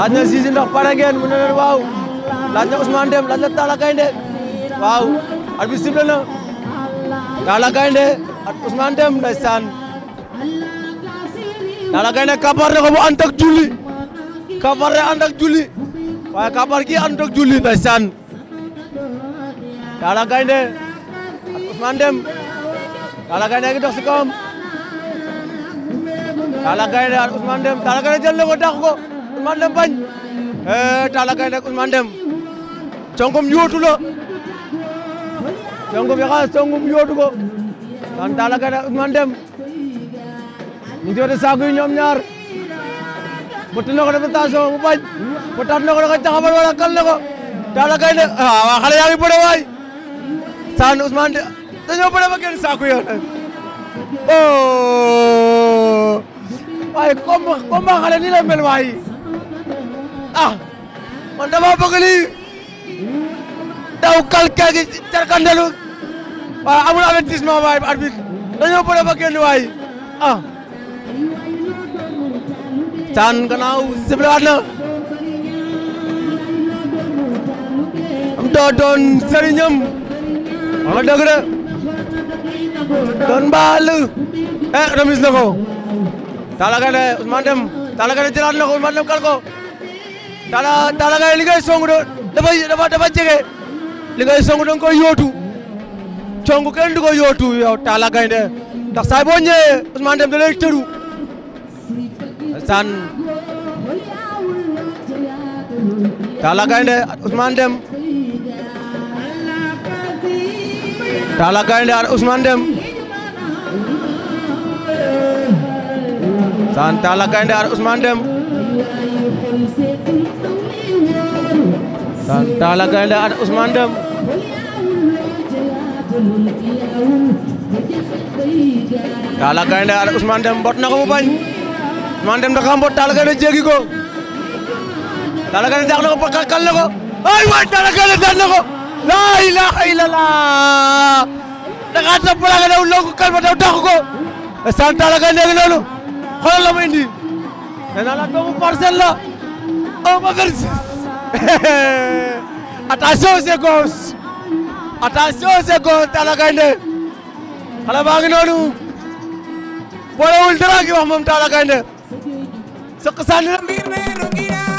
laaj na Zizi ndax pare mu ne leen waaw laaj na Ousmane Deme laaj na Talla Gaindé waaw arbitre sifflé na Talla Gaindé ak Ousmane Deme ndeysaan ko mu ànd ak julli ne ànd ak julli waaye kabar gi ànd ak julli ndeysaan Talla Gaindé ak Ousmane Deme jël na ko dàq Ousmane Deme bañ eh, Talla Gaindé ak Ousmane Deme congum yóotu la congum yi xaas congum yóotu ko kon Talla Gaindé ak Ousmane ñoom ñaar bu tënoo ko def station bu bañ bu tax na ko dafa jaxabal wala kal na ko Talla Gaindé ah waa xale yaa ngi bëre waay Sane Ousmane Deme dañoo ba génn saako yi oh waaye comme comme nii la mel waaye. ah man dama bëgg daw kal kal gi carkandelu waaw amul avertissement waay arbitre dañoo bëre ba génn waay ah caan gannaaw na am doo doon sëriñam wala dëgg doon mbaal eh remise na ko Talla Gaindé Ousmane Deme Talla Gaindé na ko Ousmane kal ko Talla Talla Gaye li ngay songu doon dafa dafa dafa jege li ngay songu doon koy yóotu congu kenn du ko yóotu yow Talla Gaye de ndax saa boo ñëwee Ousmane Deme da lay tëru daan Talla Gaindé ak Ousmane Deme Talla Gaindé ak Ousmane Deme mbot na ko mu bañ Ousmane Deme da ka mbot Talla Gaindé jéggi ko Talla Gaindé daax na ko kal na ko ay waay Talla Gaindé daan na ko la ilaha illallah da ka sa plaga daw lonku kalma daw dàq ko san Talla Gaindé ngi noonu xoolal la mu indi nee naa la doomu parcelle la 1 ba a attention c'est gauche attention c'est gauche Talla Gaindé xale baa ngi noonu boolewul dara ngi wax moom Talla Gaindé sëq sànni la mbir meenu